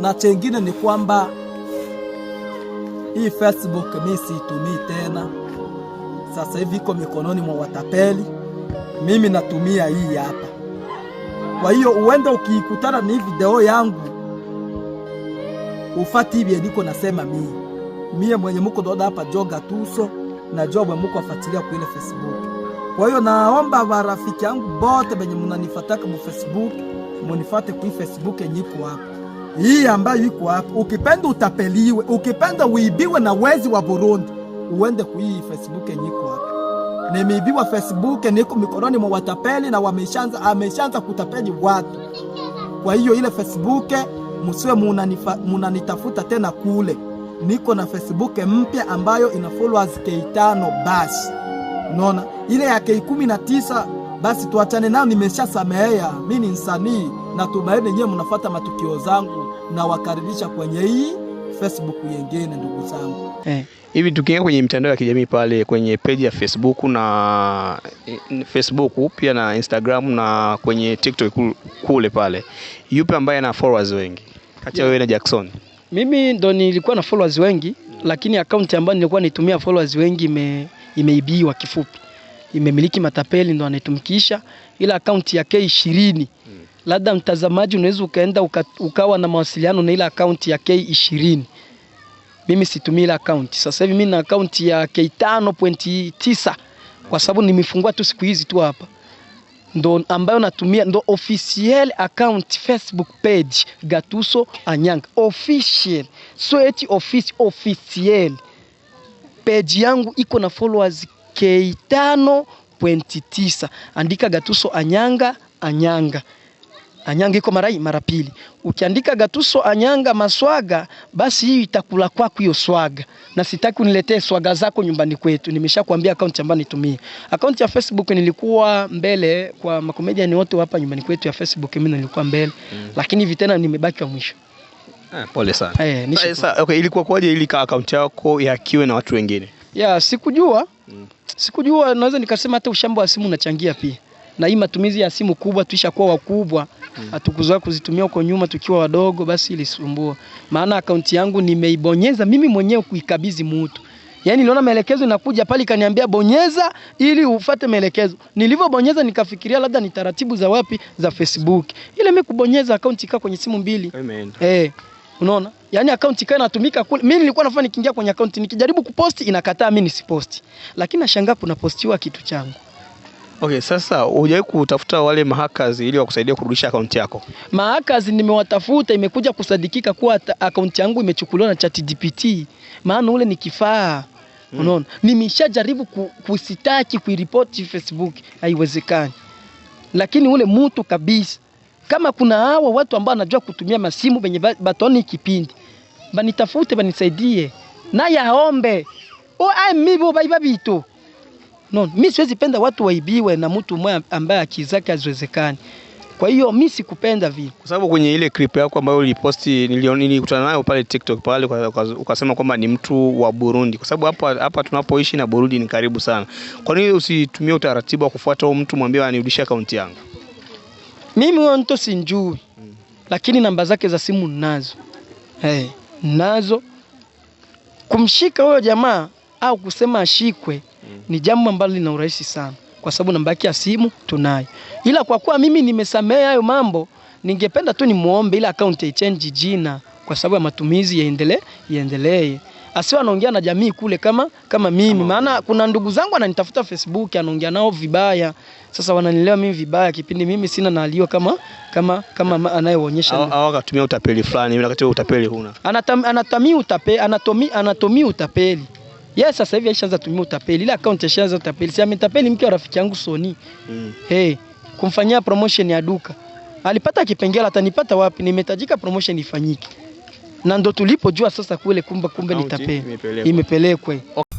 na chengine ni kwamba hii Facebook mi siitumii tena, sasa hivi iko mikononi mwa watapeli. Mimi natumia hii hapa. Kwa hiyo uenda ukiikutana ni video yangu ufati hivi niko nasema mimi mie mwenye muko doda hapa joga tuso na jobwe muko afatilia kuile Facebook. Kwa hiyo naomba barafiki yangu bote benye munanifataka mu Facebook munifate kui Facebook yenyiko hapa hii ambayo iko hapa. Ukipenda utapeliwe, ukipenda uibiwe na wezi wa Burundi, uende kuii Facebook yenye iko hapa. Nimeibiwa Facebook, niko mikononi mwa watapeli na wameshaanza ameshanza kutapeli watu. Kwa hiyo ile Facebook musiwe munanitafuta tena kule. Niko na Facebook mpya ambayo ina followers K5 basi. Unaona ile ya K19 basi tuachane nayo, nimeshasamehea. Mimi ni msanii na tumaini nyewe mnafuata matukio zangu na wakaribisha kwenye hii Facebook yengine ndugu zangu eh. Hivi tukiingia kwenye mitandao ya kijamii pale kwenye peji ya Facebook na eh, Facebook pia na Instagram na kwenye TikTok kule pale, yupi ambaye ana followers wengi kati ya wewe na Jackson? Mimi ndo nilikuwa na followers wengi, lakini akaunti ambayo nilikuwa nitumia followers wengi ime imeibiwa, kifupi imemiliki matapeli, ndo anaitumikisha, ila akaunti ya K20 hmm labda mtazamaji unaweza ukaenda uka, ukawa na mawasiliano na ile akaunti ya K20. Mimi situmii ile akaunti sasa hivi, mimi na akaunti ya K5.9 kwa sababu nimefungua tu siku hizi tu hapa, ndo ambayo natumia, ndo official account Facebook page Gatuso Anyanga official, so eti office official page yangu iko na followers K5.9, andika Gatuso Anyanga Anyanga Anyanga iko marai mara pili. Ukiandika Gatuso Anyanga Maswaga, basi hii itakula kwako hiyo swaga, na sitaki uniletee swaga zako nyumbani kwetu. Nimeshakwambia akaunti ambayo nitumie, akaunti ya Facebook nilikuwa mbele kwa makomediani wote hapa nyumbani kwetu ya Facebook, mimi nilikuwa mbele mm. Lakini hivi tena nimebaki wa mwisho. Eh, pole sana. Eh, sasa okay, ilikuwa kwaje ili akaunti yako yakiwe na watu wengine? Ya, sikujua. Mm. Sikujua, naweza nikasema hata ushambo wa simu unachangia pia na hii matumizi ya simu kubwa, tuishakuwa wakubwa, mm. hatukuzoea hmm, kuzitumia huko nyuma tukiwa wadogo, basi ilisumbua. Maana akaunti yangu nimeibonyeza mimi mwenyewe kuikabidhi mtu Yaani niliona maelekezo inakuja pale, kaniambia bonyeza ili ufate maelekezo. Nilivyobonyeza nikafikiria labda ni taratibu za wapi za Facebook. Ile mimi kubonyeza akaunti ikaa kwenye simu mbili. Amen. Eh. Unaona? Yaani akaunti ikaa inatumika kule. Mimi nilikuwa nafanya nikiingia kwenye akaunti nikijaribu kuposti inakataa mimi nisiposti. Lakini nashangaa kuna postiwa kitu changu. Okay, sasa hujawahi kutafuta wale mahakazi ili wakusaidia kurudisha akaunti yako? Mahakazi nimewatafuta, imekuja kusadikika kuwa akaunti yangu imechukuliwa na ChatGPT, maana ule ni kifaa mm. Unaona, nimeshajaribu ku, kusitaki kuiripoti Facebook, haiwezekani. Lakini ule mtu kabisa, kama kuna hawa watu ambao anajua kutumia masimu benye batoni kipindi, banitafute banisaidie, naye aombe o aimibo baiba bitu No, mi siwezi penda watu waibiwe na mtu mmoja ambaye akizaka haziwezekani. Kwa hiyo mi sikupenda vile, kwa sababu kwenye ile clip yako ambayo uliposti nilikutana nayo pale TikTok pale, ukasema kwamba ni mtu wa Burundi, kwa sababu hapa hapa tunapoishi na Burundi ni karibu sana. Kwa nini usitumie utaratibu wa kufuata huyo mtu, mwambie anirudishie akaunti yangu? Mimi huyo mtu sinjui hmm, lakini namba zake za simu nazo, hey, eh, nazo. Kumshika huyo jamaa au kusema ashikwe ni jambo ambalo lina urahisi sana, kwa sababu namba yake ya simu tunayo. Ila kwa kuwa mimi nimesamea hayo mambo, ningependa tu nimuombe ile account change jina kwa sababu ya matumizi yaendelee yaendelee asiwe anaongea na jamii kule kama kama mimi, maana kuna ndugu zangu ananitafuta Facebook, anaongea nao vibaya. Sasa wananielewa mimi vibaya, kipindi mimi sina nalio kama kama kama anayeonyesha au akatumia utapeli fulani, nakati utapeli huna anatamii anatamii utapeli anatomi utapeli Yes, sasa hivi aishaanza tumia utapeli. Ile account aishaanza utapeli. Si ametapeli mke wa rafiki yangu Soni. Mm. Hey, kumfanyia promotion ya duka. Alipata kipengele atanipata wapi? Nimetajika promotion ifanyike. Na ndo tulipojua sasa kule kumba kumbe ni tapeli. Imepelekwa.